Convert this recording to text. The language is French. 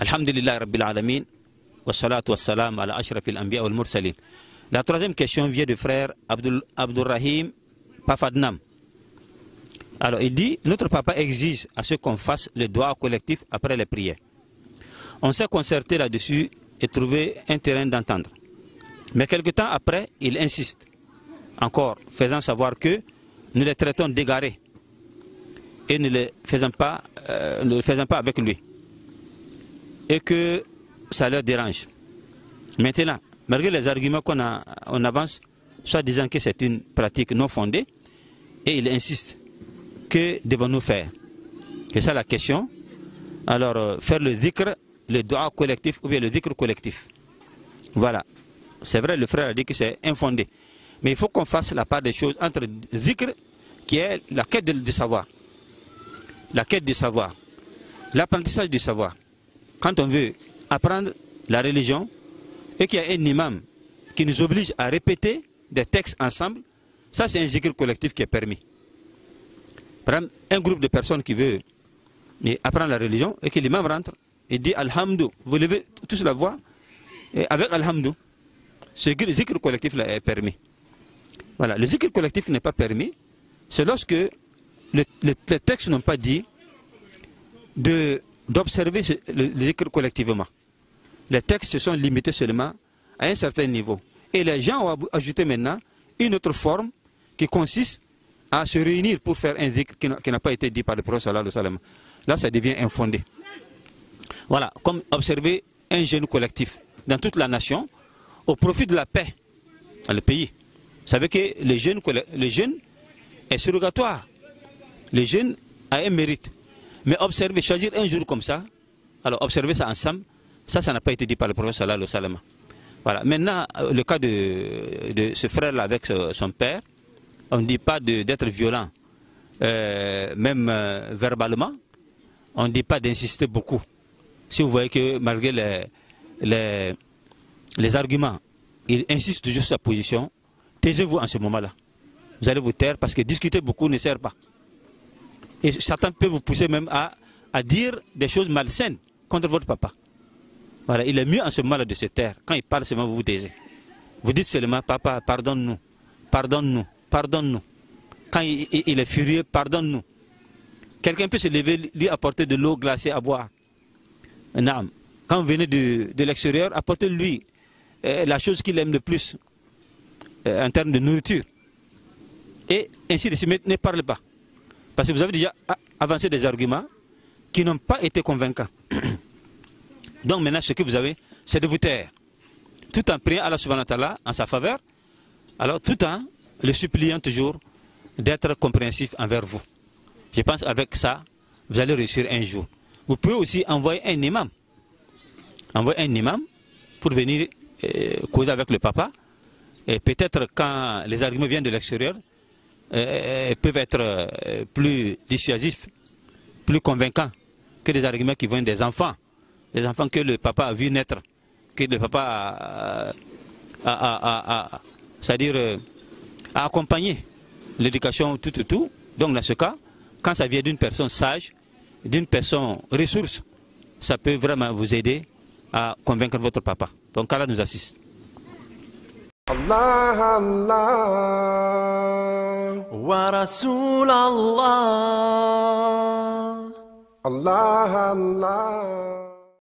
Alhamdulillah Rabbil Alamin. Wa ala La troisième question vient du frère Abdul, Abdurrahim Pafadnam. Alors il dit, notre papa exige à ce qu'on fasse le doigt collectif après les prières. On s'est concerté là-dessus et trouvé un terrain d'entendre. Mais quelque temps après, il insiste, encore faisant savoir que nous les traitons d'égarés et ne les faisons pas, euh, ne les faisons pas avec lui et que ça leur dérange. Maintenant, malgré les arguments qu'on on avance, soit disant que c'est une pratique non fondée, et il insiste. Que devons-nous faire C'est ça la question. Alors, euh, faire le zikr, le doigt collectif ou bien le zikr collectif. Voilà. C'est vrai, le frère a dit que c'est infondé. Mais il faut qu'on fasse la part des choses entre zikr, qui est la quête du savoir, la quête du savoir, l'apprentissage du savoir quand on veut apprendre la religion et qu'il y a un imam qui nous oblige à répéter des textes ensemble, ça c'est un zikr collectif qui est permis. Par un groupe de personnes qui veut apprendre la religion et que l'imam rentre et dit Alhamdou, vous levez tous la voix, et avec Alhamdou, ce zikr collectif est permis. Voilà, le zikr collectif n'est pas permis, c'est lorsque les textes n'ont pas dit de d'observer les écrits collectivement. Les textes se sont limités seulement à un certain niveau. Et les gens ont ajouté maintenant une autre forme qui consiste à se réunir pour faire un zikr qui n'a pas été dit par le prophète sallallahu alayhi Là, ça devient infondé. Voilà, comme observer un jeûne collectif dans toute la nation au profit de la paix dans le pays. Vous savez que le jeune, le jeûne est surrogatoire. Le jeûne a un mérite. Mais observer, choisir un jour comme ça, alors observer ça ensemble, ça, ça n'a pas été dit par le professeur sallallahu alayhi wa Voilà. Maintenant, euh, le cas de, ce frère-là avec son père, on ne dit pas d'être violent, euh, même euh, verbalement. On ne dit pas d'insister beaucoup. Si vous voyez que malgré les, les, les arguments, il insiste toujours sur sa position, taisez-vous en ce moment-là. Vous allez vous taire parce que discuter beaucoup ne sert pas. Et certains peut vous pousser même à, dire des choses malsaines contre votre papa. Voilà, il est mieux en ce moment de se taire. Quand il parle seulement, vous vous taisez. Vous dites seulement, papa, pardonne-nous, pardonne-nous, pardonne-nous. Quand il, est furieux, pardonne-nous. Quelqu'un peut se lever, lui apporter de l'eau glacée à boire. Non. Quand vous venez de, l'extérieur, apportez-lui euh, la chose qu'il aime le plus euh, en termes de nourriture. Et ainsi de suite, ne parle pas. Parce que vous avez déjà avancé des arguments qui n'ont pas été convaincants. Donc maintenant, ce que vous avez, c'est de vous taire. Tout en priant Allah subhanahu wa ta'ala en sa faveur, alors tout en le suppliant toujours d'être compréhensif envers vous. Je pense avec ça, vous allez réussir un jour. Vous pouvez aussi envoyer un imam. Envoyer un imam pour venir euh, causer avec le papa. Et peut-être quand les arguments viennent de l'extérieur, euh, peuvent être euh, plus dissuasifs, plus convaincants que des arguments qui viennent des enfants, des enfants que le papa a vu naître, que le papa a, euh, accompagné. c'est-à-dire l'éducation tout, tout, tout. Donc dans ce cas, quand ça vient d'une personne sage, d'une personne ressource, ça peut vraiment vous aider à convaincre votre papa. Donc Allah nous assiste. الله الله ورسول الله الله الله